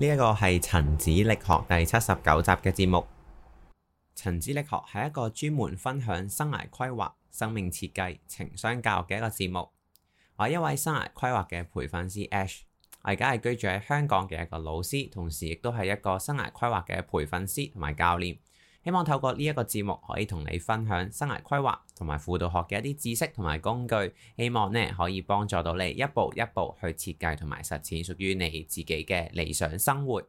呢一個係陳子力學第七十九集嘅節目。陳子力學係一個專門分享生涯規劃、生命設計、情商教育嘅一個節目。我係一位生涯規劃嘅培訓師 Ash，我而家係居住喺香港嘅一個老師，同時亦都係一個生涯規劃嘅培訓師同埋教練。希望透過呢一個節目，可以同你分享生涯規劃同埋輔導學嘅一啲知識同埋工具。希望呢，可以幫助到你一步一步去設計同埋實踐屬於你自己嘅理想生活。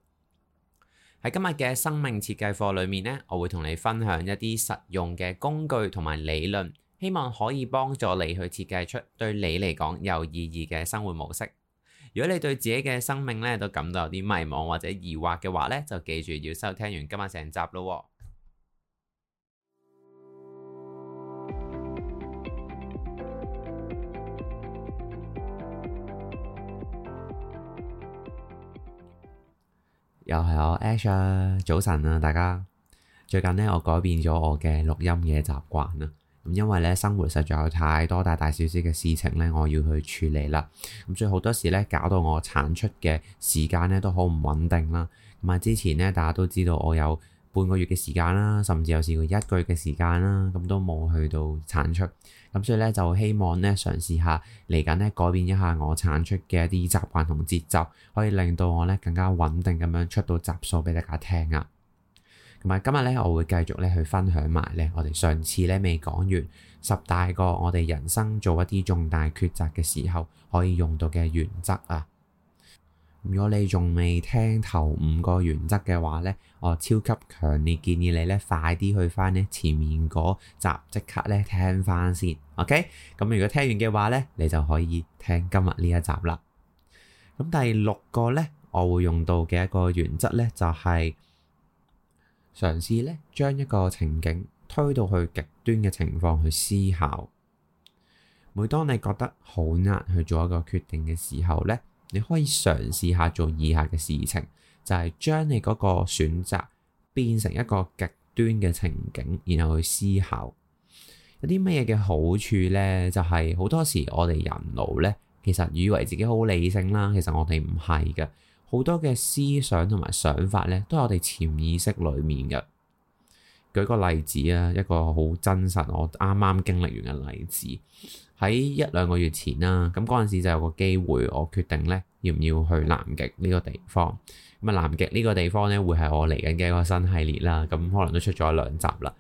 喺今日嘅生命設計課裏面呢，我會同你分享一啲實用嘅工具同埋理論，希望可以幫助你去設計出對你嚟講有意義嘅生活模式。如果你對自己嘅生命呢都感到有啲迷茫或者疑惑嘅話呢，就記住要收聽完今日成集咯。又係我 Ash、啊、早晨啊大家！最近咧，我改變咗我嘅錄音嘅習慣啦。咁、嗯、因為咧，生活實在有太多大大小小嘅事情咧，我要去處理啦。咁、嗯、所以好多時咧，搞到我產出嘅時間咧都好唔穩定啦。咁、嗯、啊，之前咧，大家都知道我有，半個月嘅時間啦，甚至有時一個月嘅時間啦，咁都冇去到產出。咁所以咧，就希望咧嘗試下嚟緊咧改變一下我產出嘅一啲習慣同節奏，可以令到我咧更加穩定咁樣出到集數俾大家聽啊。同埋今日咧，我會繼續咧去分享埋咧我哋上次咧未講完十大個我哋人生做一啲重大抉擇嘅時候可以用到嘅原則啊。如果你仲未聽頭五個原則嘅話咧，我超級強烈建議你咧快啲去翻咧前面嗰集，即刻咧聽翻先，OK？咁如果聽完嘅話咧，你就可以聽今日呢一集啦。咁第六個咧，我會用到嘅一個原則咧，就係嘗試咧將一個情景推到去極端嘅情況去思考。每當你覺得好難去做一個決定嘅時候咧，你可以嘗試下做以下嘅事情，就係將你嗰個選擇變成一個極端嘅情景，然後去思考有啲乜嘢嘅好處咧。就係好多時我哋人腦咧，其實以為自己好理性啦，其實我哋唔係嘅，好多嘅思想同埋想法咧，都係我哋潛意識裡面嘅。舉個例子啊，一個好真實，我啱啱經歷完嘅例子。喺一兩個月前啦，咁嗰陣時就有個機會，我決定咧要唔要去南極呢個地方。咁啊，南極呢個地方咧會係我嚟緊嘅一個新系列啦。咁可能都出咗兩集啦。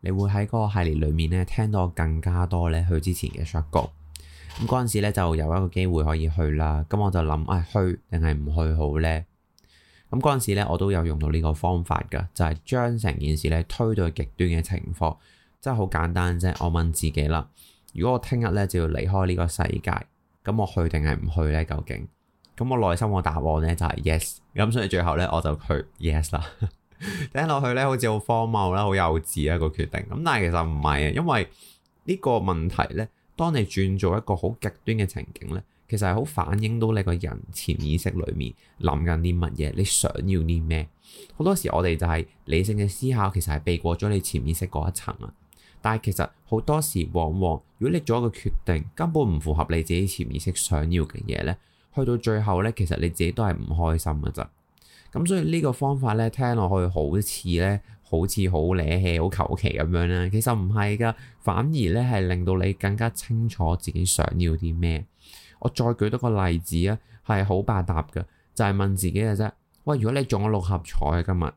你會喺嗰個系列裡面咧聽到更加多咧去之前嘅 shock。咁嗰陣時咧就有一個機會可以去啦。咁我就諗，唉，去定係唔去好咧？咁嗰陣時咧，我都有用到呢個方法㗎，就係將成件事咧推到極端嘅情況，真係好簡單啫。我問自己啦：如果我聽日咧就要離開呢個世界，咁我去定係唔去咧？究竟？咁我內心嘅答案咧就係 yes。咁所以最後咧我就去 yes 啦。聽 落去咧好似好荒謬啦，好幼稚一個決定。咁但係其實唔係啊，因為呢個問題咧，當你轉做一個好極端嘅情景咧。其實係好反映到你個人潛意識裏面諗緊啲乜嘢，你想要啲咩？好多時我哋就係理性嘅思考，其實係避過咗你潛意識嗰一層啊。但係其實好多時，往往如果你做一個決定根本唔符合你自己潛意識想要嘅嘢咧，去到最後咧，其實你自己都係唔開心噶咋。咁所以呢個方法咧，聽落去好似咧，好似好惹氣，好求其咁樣咧。其實唔係噶，反而咧係令到你更加清楚自己想要啲咩。我再舉多個例子啊，係好百搭㗎，就係、是、問自己嘅啫。喂，如果你中咗六合彩今日，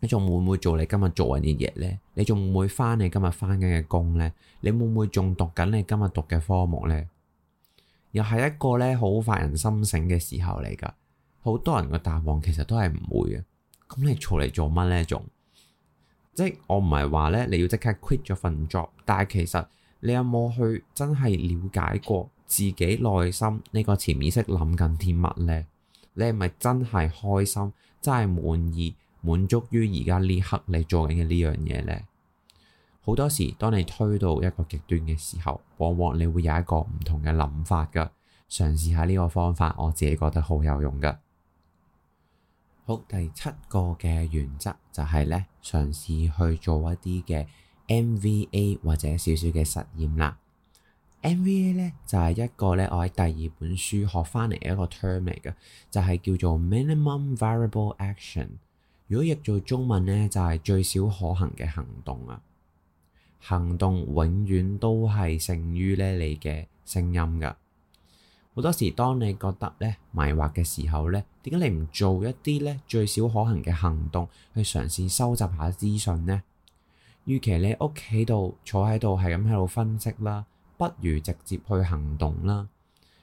你仲會唔會做你今日做緊嘅嘢咧？你仲唔會翻你今日翻緊嘅工咧？你會唔會仲讀緊你今日讀嘅科目咧？又係一個咧好發人心醒嘅時候嚟㗎。好多人嘅答案其實都係唔會嘅。咁你做嚟做乜咧？仲即我唔係話咧，你要即刻 quit 咗份 job，但係其實你有冇去真係了解過？自己內心呢個潛意識諗緊啲乜咧？你係咪真係開心、真係滿意、滿足於而家呢刻你做緊嘅呢樣嘢咧？好多時，當你推到一個極端嘅時候，往往你會有一個唔同嘅諗法噶。嘗試下呢個方法，我自己覺得好有用噶。好，第七個嘅原則就係咧，嘗試去做一啲嘅 MVA 或者少少嘅實驗啦。MVA 咧就係、是、一個咧，我喺第二本書學翻嚟嘅一個 term 嚟嘅，就係、是、叫做 minimum variable action。如果譯做中文咧，就係、是、最少可行嘅行動啊。行動永遠都係勝於咧你嘅聲音㗎。好多時，當你覺得咧迷惑嘅時候咧，點解你唔做一啲咧最少可行嘅行動去嘗試收集下資訊咧？與其你屋企度坐喺度係咁喺度分析啦。不如直接去行動啦。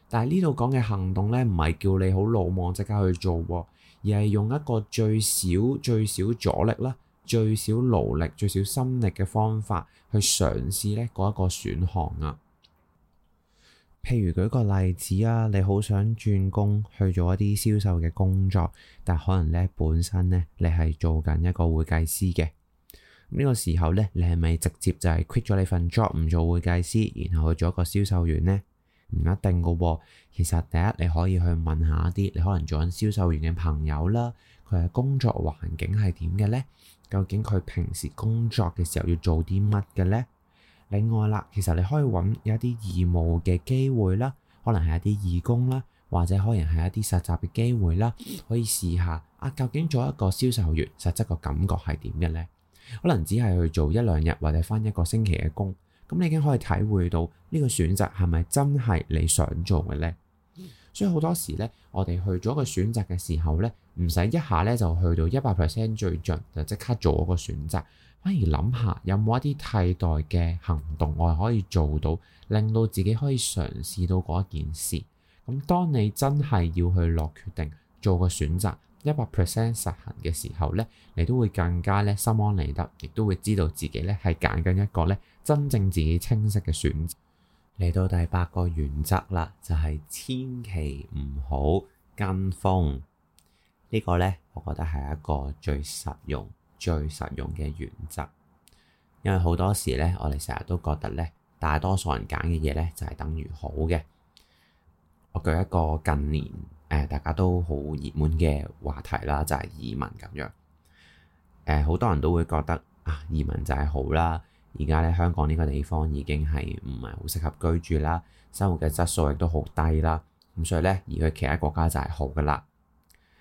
但係呢度講嘅行動咧，唔係叫你好魯莽即刻去做，而係用一個最少最少阻力啦、最少勞力、最少心力嘅方法去嘗試咧嗰一個選項啊。譬如舉個例子啊，你好想轉工去做一啲銷售嘅工作，但可能咧本身咧你係做緊一個會計師嘅。呢個時候咧，你係咪直接就係 quit 咗你份 job 唔做會計師，然後去做一個銷售員咧？唔一定噶喎。其實第一你可以去問下啲你可能做緊銷售員嘅朋友啦，佢係工作環境係點嘅咧？究竟佢平時工作嘅時候要做啲乜嘅咧？另外啦，其實你可以揾一啲義務嘅機會啦，可能係一啲義工啦，或者可能係一啲實習嘅機會啦，可以試下啊。究竟做一個銷售員實質個感覺係點嘅咧？可能只係去做一兩日或者返一個星期嘅工，咁你已經可以體會到呢個選擇係咪真係你想做嘅咧？所以好多時咧，我哋去做一個選擇嘅時候咧，唔使一下咧就去到一百 percent 最盡就即刻做嗰個選擇，反而諗下有冇一啲替代嘅行動我係可以做到，令到自己可以嘗試到嗰一件事。咁當你真係要去落決定做個選擇，一百 percent 實行嘅時候咧，你都會更加咧心安理得，亦都會知道自己咧係揀緊一個咧真正自己清晰嘅選擇。嚟到第八個原則啦，就係千祈唔好跟風。呢個咧，我覺得係一個最實用、最實用嘅原則。因為好多時咧，我哋成日都覺得咧，大多數人揀嘅嘢咧就係等於好嘅。我舉一個近年。誒，大家都好熱門嘅話題啦，就係移民咁樣。誒、呃，好多人都會覺得啊，移民就係好啦。而家咧，香港呢個地方已經係唔係好適合居住啦，生活嘅質素亦都好低啦。咁所以咧，移去其他國家就係好噶啦。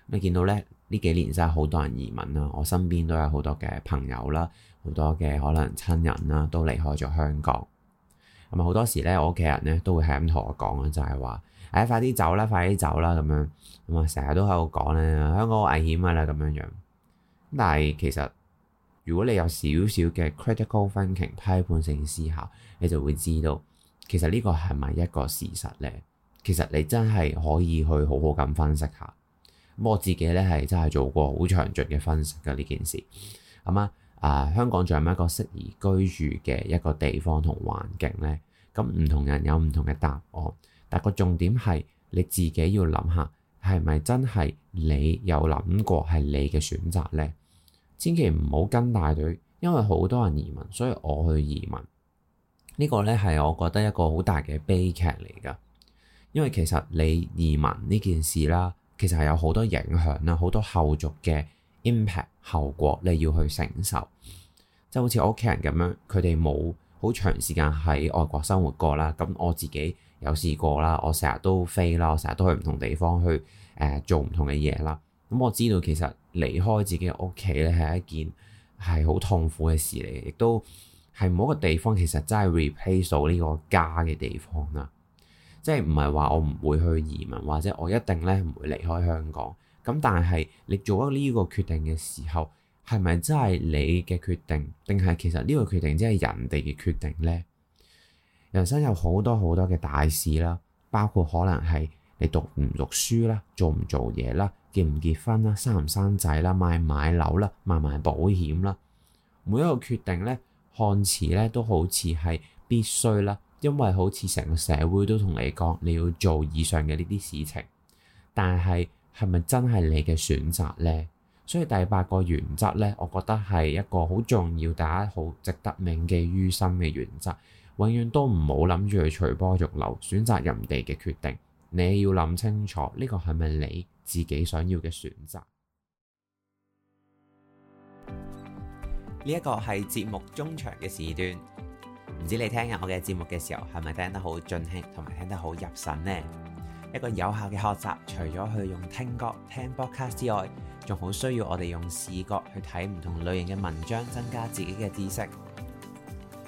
你見到咧，呢幾年真係好多人移民啦，我身邊都有好多嘅朋友啦，好多嘅可能親人啦都離開咗香港。咁啊，好多時咧，我屋企人咧都會係咁同我講啊，就係話。係、哎、快啲走啦！快啲走啦！咁樣咁啊，成日都喺度講咧，香港好危險噶啦，咁樣樣，但係其實如果你有少少嘅 critical thinking 批判性思考，你就會知道其實呢個係咪一個事實咧？其實你真係可以去好好咁分析下。咁我自己咧係真係做過好詳盡嘅分析嘅呢件事。咁啊啊，香港仲有冇一個適宜居住嘅一個地方同環境咧？咁唔同人有唔同嘅答案。但個重點係你自己要諗下，係咪真係你有諗過係你嘅選擇咧？千祈唔好跟大隊，因為好多人移民，所以我去移民、這個、呢個咧係我覺得一個好大嘅悲劇嚟噶。因為其實你移民呢件事啦，其實係有好多影響啦，好多後續嘅 impact 後果，你要去承受。即係好似我屋企人咁樣，佢哋冇好長時間喺外國生活過啦。咁我自己。有試過啦，我成日都飛啦，我成日都去唔同地方去誒、呃、做唔同嘅嘢啦。咁、嗯、我知道其實離開自己屋企咧係一件係好痛苦嘅事嚟，亦都係冇一個地方其實真係 replace 到呢個家嘅地方啦。即係唔係話我唔會去移民或者我一定咧唔會離開香港，咁但係你做咗呢個決定嘅時候，係咪真係你嘅決定？定係其實呢個決定真係人哋嘅決定咧？人生有好多好多嘅大事啦，包括可能係你讀唔讀書啦，做唔做嘢啦，結唔結婚啦，生唔生仔啦，買唔買樓啦，買唔買保險啦。每一個決定咧，看似咧都好似係必須啦，因為好似成個社會都同你講你要做以上嘅呢啲事情，但係係咪真係你嘅選擇咧？所以第八個原則咧，我覺得係一個好重要，大家好值得銘記於心嘅原則。永遠都唔好諗住去隨波逐流，選擇人哋嘅決定。你要諗清楚呢個係咪你自己想要嘅選擇？呢一個係節目中場嘅時段，唔知你聽我嘅節目嘅時候係咪聽得好盡興，同埋聽得好入神呢？一個有效嘅學習，除咗去用聽歌、聽 podcast 之外，仲好需要我哋用視覺去睇唔同類型嘅文章，增加自己嘅知識。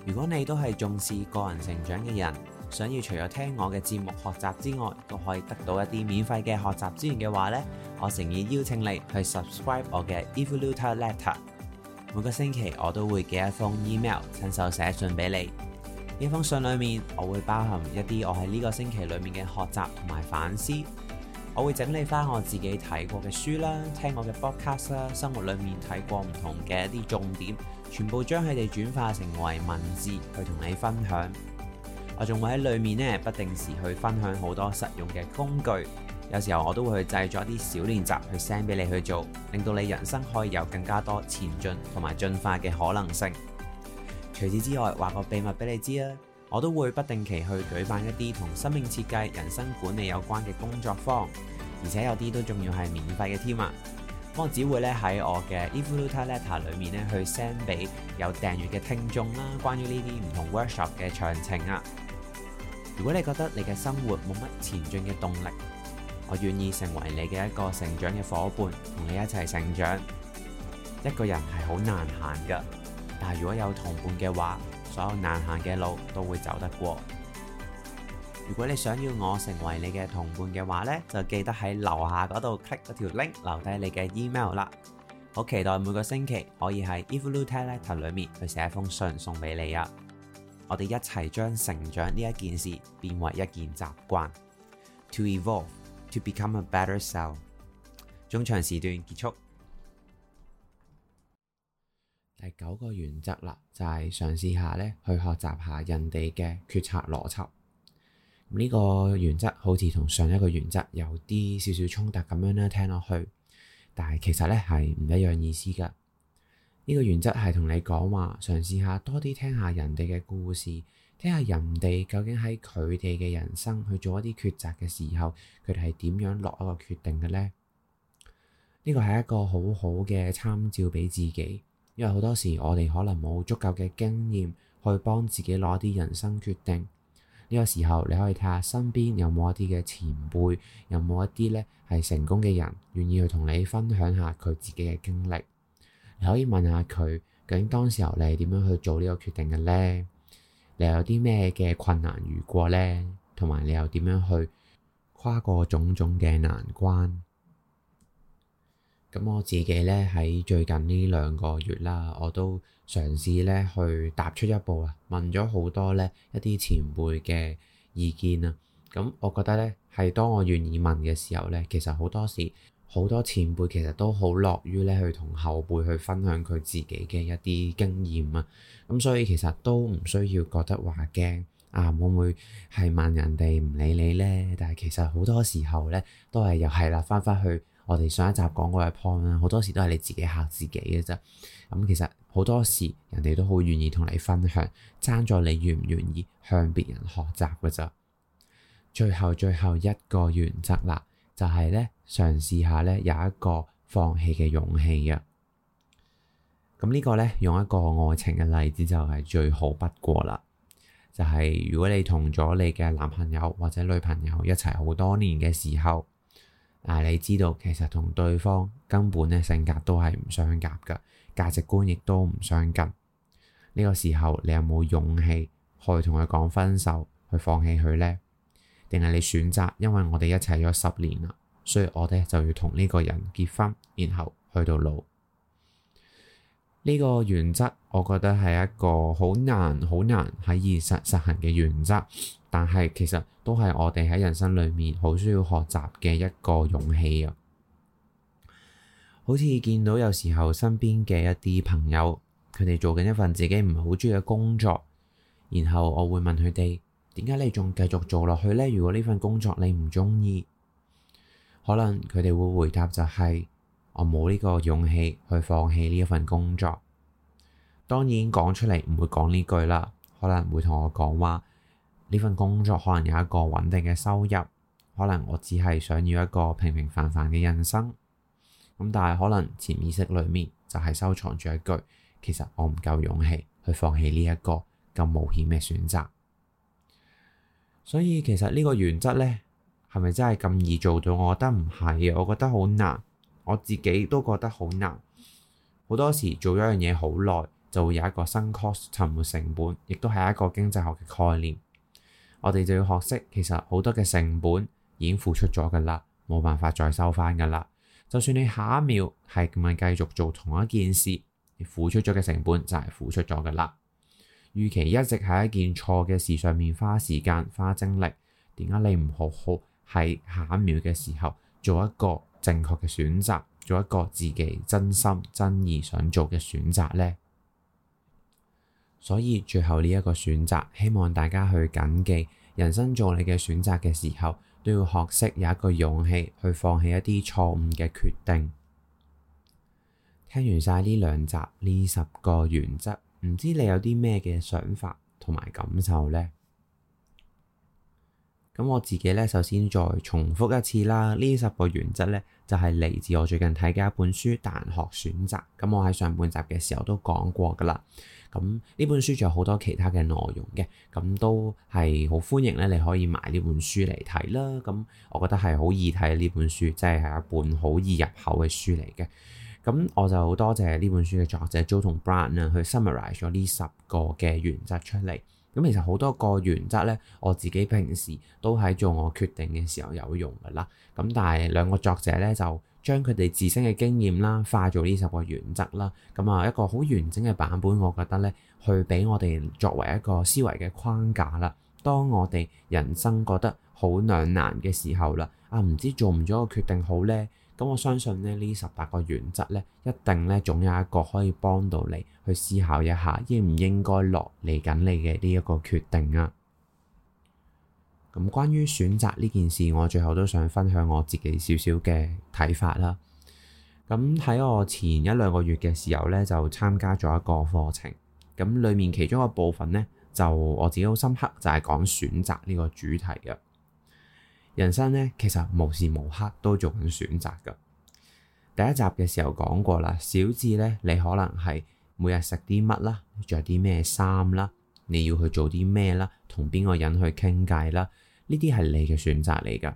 如果你都係重視個人成長嘅人，想要除咗聽我嘅節目學習之外，都可以得到一啲免費嘅學習資源嘅話呢，我誠意邀請你去 subscribe 我嘅 Evoluter letter。每個星期我都會寄一封 email，親手寫信俾你。呢封信裏面我會包含一啲我喺呢個星期裏面嘅學習同埋反思。我會整理翻我自己睇過嘅書啦，聽我嘅 podcast 啦，生活裏面睇過唔同嘅一啲重點。全部將佢哋轉化成為文字去同你分享，我仲會喺裏面呢不定時去分享好多實用嘅工具，有時候我都會去製作一啲小練習去 send 俾你去做，令到你人生可以有更加多前進同埋進化嘅可能性。除此之外，話個秘密俾你知啦，我都會不定期去舉辦一啲同生命設計、人生管理有關嘅工作坊，而且有啲都仲要係免費嘅添啊！我只會咧喺我嘅 Evoluter letter 裏面咧去 send 俾有訂閲嘅聽眾啦，關於呢啲唔同 workshop 嘅詳情啊。如果你覺得你嘅生活冇乜前進嘅動力，我願意成為你嘅一個成長嘅伙伴，同你一齊成長。一個人係好難行噶，但係如果有同伴嘅話，所有難行嘅路都會走得過。如果你想要我成為你嘅同伴嘅話呢，就記得喺樓下嗰度 click 條 link，留低你嘅 email 啦。好期待每個星期可以喺 Evoluter letter 裏面去寫封信送俾你啊！我哋一齊將成長呢一件事變為一件習慣，to evolve to become a better self。中場時段結束。第九個原則啦，就係嘗試下呢去學習下人哋嘅決策邏輯。呢個原則好似同上一個原則有啲少少衝突咁樣咧，聽落去，但係其實咧係唔一樣意思嘅。呢個原則係同你講話，嘗試下多啲聽下人哋嘅故事，聽下人哋究竟喺佢哋嘅人生去做一啲抉擇嘅時候，佢哋係點樣落一個決定嘅呢？呢個係一個好好嘅參照俾自己，因為好多時我哋可能冇足夠嘅經驗去幫自己攞啲人生決定。呢個時候，你可以睇下身邊有冇一啲嘅前輩，有冇一啲咧係成功嘅人，願意去同你分享下佢自己嘅經歷。你可以問下佢，究竟當時候你係點樣去做呢個決定嘅咧？你有啲咩嘅困難遇過咧？同埋你又點樣去跨過種種嘅難關？咁我自己咧，喺最近呢兩個月啦，我都嘗試咧去踏出一步啊，問咗好多咧一啲前輩嘅意見啊。咁我覺得咧，係當我願意問嘅時候咧，其實好多時好多前輩其實都好樂於咧去同後輩去分享佢自己嘅一啲經驗啊。咁所以其實都唔需要覺得話驚啊，會唔會係問人哋唔理你咧？但係其實好多時候咧，都係又係啦，返返去。我哋上一集講過嘅 point 啦，好多時都係你自己嚇自己嘅啫。咁其實好多時人哋都好願意同你分享，爭在你願唔願意向別人學習嘅咋。最後最後一個原則啦，就係咧嘗試下咧有一個放棄嘅勇氣啊。咁、這個、呢個咧用一個愛情嘅例子就係最好不過啦。就係、是、如果你同咗你嘅男朋友或者女朋友一齊好多年嘅時候。啊！你知道其實同對方根本咧性格都係唔相夾嘅，價值觀亦都唔相近。呢個時候你有冇勇氣去同佢講分手，去放棄佢咧？定係你選擇，因為我哋一齊咗十年啦，所以我哋就要同呢個人結婚，然後去到老。呢個原則，我覺得係一個好難、好難喺現實實行嘅原則。但係，其實都係我哋喺人生裏面好需要學習嘅一個勇氣啊。好似見到有時候身邊嘅一啲朋友，佢哋做緊一份自己唔係好中意嘅工作，然後我會問佢哋點解你仲繼續做落去咧？如果呢份工作你唔中意，可能佢哋會回答就係、是、我冇呢個勇氣去放棄呢一份工作。當然講出嚟唔會講呢句啦，可能會同我講話。呢份工作可能有一個穩定嘅收入，可能我只係想要一個平平凡凡嘅人生。咁但係可能潛意識裏面就係收藏住一句，其實我唔夠勇氣去放棄呢一個咁冒險嘅選擇。所以其實呢個原則咧，係咪真係咁易做到？我覺得唔係嘅，我覺得好難。我自己都覺得好難。好多時做一樣嘢好耐，就會有一個 sunk cost 沉沒成本，亦都係一個經濟學嘅概念。我哋就要學識，其實好多嘅成本已經付出咗噶啦，冇辦法再收翻噶啦。就算你下一秒係咁樣繼續做同一件事，你付出咗嘅成本就係付出咗噶啦。與其一直喺一件錯嘅事上面花時間、花精力，點解你唔好好喺下一秒嘅時候做一個正確嘅選擇，做一個自己真心真意想做嘅選擇咧？所以最後呢一個選擇，希望大家去謹記，人生做你嘅選擇嘅時候，都要學識有一個勇氣去放棄一啲錯誤嘅決定。聽完晒呢兩集，呢十個原則，唔知你有啲咩嘅想法同埋感受呢？咁我自己咧，首先再重複一次啦。呢十個原則咧，就係、是、嚟自我最近睇嘅一本書《大人學選擇》。咁我喺上半集嘅時候都講過噶啦。咁呢本書仲有好多其他嘅內容嘅，咁都係好歡迎咧。你可以買呢本書嚟睇啦。咁我覺得係好易睇呢本書，即係係一本好易入口嘅書嚟嘅。咁我就好多謝呢本書嘅作者 Joe 同 Brian 去 summarize 咗呢十個嘅原則出嚟。咁其實好多個原則咧，我自己平時都喺做我決定嘅時候有用噶啦。咁但係兩個作者咧就將佢哋自身嘅經驗啦，化做呢十個原則啦。咁啊一個好完整嘅版本，我覺得咧，去俾我哋作為一個思維嘅框架啦。當我哋人生覺得好兩難嘅時候啦，啊唔知做唔做一個決定好咧？咁我相信咧呢十八個原則咧，一定咧總有一個可以幫到你去思考一下，應唔應該落嚟緊你嘅呢一個決定啊！咁關於選擇呢件事，我最後都想分享我自己少少嘅睇法啦。咁喺我前一兩個月嘅時候咧，就參加咗一個課程，咁裡面其中一個部分咧，就我自己好深刻，就係講選擇呢個主題嘅。人生咧，其實無時無刻都做緊選擇噶。第一集嘅時候講過啦，小智咧，你可能係每日食啲乜啦，着啲咩衫啦，你要去做啲咩啦，同邊個人去傾偈啦，呢啲係你嘅選擇嚟噶。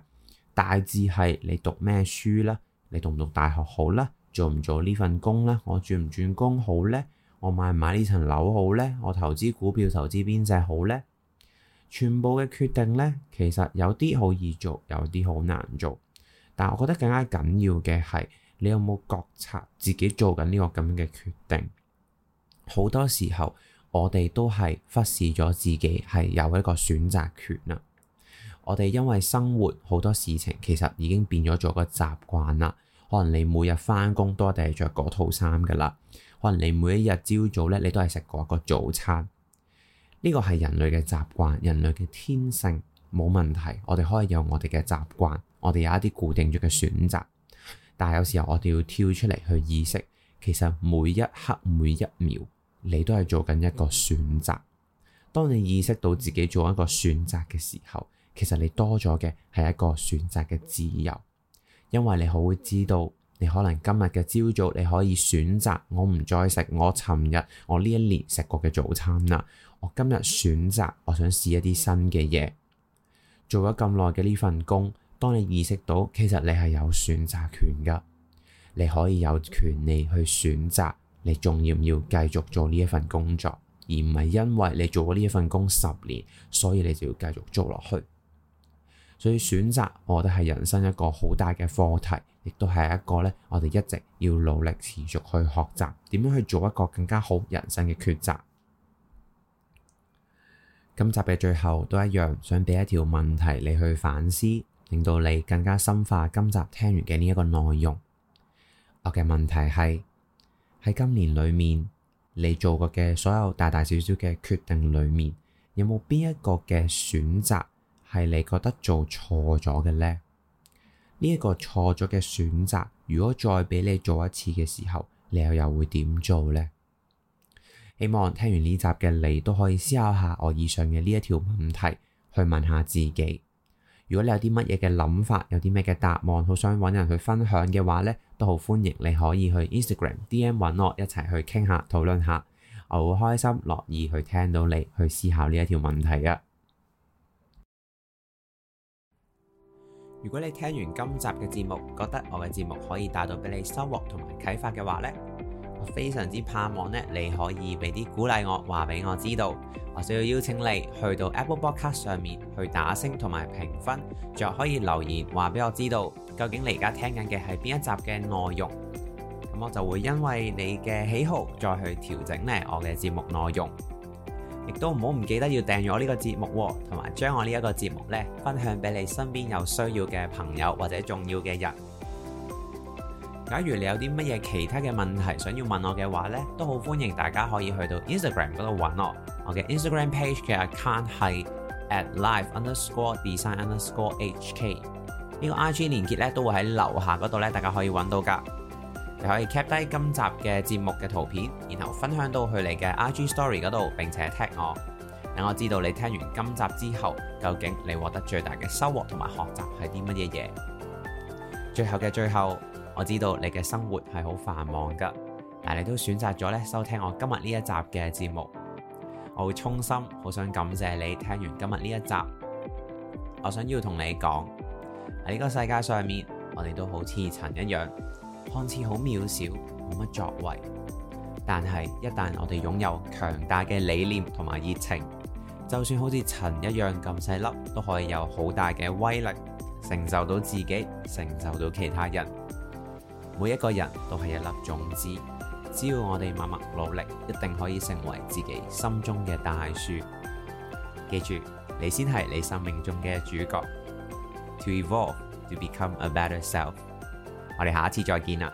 大致係你讀咩書啦，你讀唔讀大學好啦，做唔做呢份工啦，我轉唔轉工好咧，我買唔買呢層樓好咧，我投資股票投資邊隻好咧？全部嘅決定咧，其實有啲好易做，有啲好難做。但係我覺得更加緊要嘅係，你有冇覺察自己做緊呢個咁樣嘅決定？好多時候，我哋都係忽視咗自己係有一個選擇權啦。我哋因為生活好多事情，其實已經變咗做個習慣啦。可能你每日翻工都係著嗰套衫噶啦，可能你每一日朝早咧，你都係食過一個早餐。呢個係人類嘅習慣，人類嘅天性，冇問題。我哋可以有我哋嘅習慣，我哋有一啲固定咗嘅選擇。但係有時候我哋要跳出嚟去意識，其實每一刻每一秒你都係做緊一個選擇。當你意識到自己做一個選擇嘅時候，其實你多咗嘅係一個選擇嘅自由，因為你會知道你可能今日嘅朝早你可以選擇我唔再食我尋日我呢一年食過嘅早餐啦。我今日選擇，我想試一啲新嘅嘢。做咗咁耐嘅呢份工，當你意識到其實你係有選擇權噶，你可以有權利去選擇，你仲要唔要繼續做呢一份工作，而唔係因為你做咗呢一份工十年，所以你就要繼續做落去。所以選擇，我覺得係人生一個好大嘅課題，亦都係一個咧，我哋一直要努力持續去學習，點樣去做一個更加好人生嘅抉擇。今集嘅最後都一樣，想俾一條問題你去反思，令到你更加深化今集聽完嘅呢一個內容。我、okay，嘅問題係：喺今年裏面，你做過嘅所有大大小小嘅決定裏面，有冇邊一個嘅選擇係你覺得做錯咗嘅咧？呢、這、一個錯咗嘅選擇，如果再俾你做一次嘅時候，你又又會點做咧？希望聽完呢集嘅你都可以思考下我以上嘅呢一條問題，去問下自己。如果你有啲乜嘢嘅諗法，有啲咩嘅答案，好想揾人去分享嘅話呢，都好歡迎你可以去 Instagram DM 揾我一齊去傾下討論下，我好開心樂意去聽到你去思考呢一條問題啊！如果你聽完今集嘅節目，覺得我嘅節目可以帶到俾你收穫同埋啟發嘅話呢。我非常之盼望咧，你可以俾啲鼓勵我，話俾我知道。我想要邀請你去到 Apple 播客上面去打星同埋評分，仲可以留言話俾我知道，究竟你而家聽緊嘅係邊一集嘅內容。咁我就會因為你嘅喜好再去調整咧我嘅節目內容。亦都唔好唔記得要訂閱、哦、我個節呢個節目，同埋將我呢一個節目咧分享俾你身邊有需要嘅朋友或者重要嘅人。假如你有啲乜嘢其他嘅問題，想要問我嘅話呢，都好歡迎大家可以去到 Instagram 嗰度揾我。我嘅 Instagram page 嘅 account 係 @life_design_hk 呢、呢個 IG 連結呢都會喺樓下嗰度咧，大家可以揾到㗎，就可以 cap 低今集嘅節目嘅圖片，然後分享到去你嘅 IG story 嗰度，並且 tag 我，等我知道你聽完今集之後，究竟你獲得最大嘅收穫同埋學習係啲乜嘢嘢。最後嘅最後。我知道你嘅生活係好繁忙噶，但你都選擇咗咧收聽我今日呢一集嘅節目。我會衷心好想感謝你聽完今日呢一集。我想要同你講，喺呢個世界上面，我哋都好似塵一樣，看似好渺小，冇乜作為。但係一旦我哋擁有強大嘅理念同埋熱情，就算好似塵一樣咁細粒，都可以有好大嘅威力，承受到自己，承受到其他人。每一個人都係一粒種子，只要我哋默默努力，一定可以成為自己心中嘅大樹。記住，你先係你生命中嘅主角。To evolve, to become a better self。我哋下次再見啦！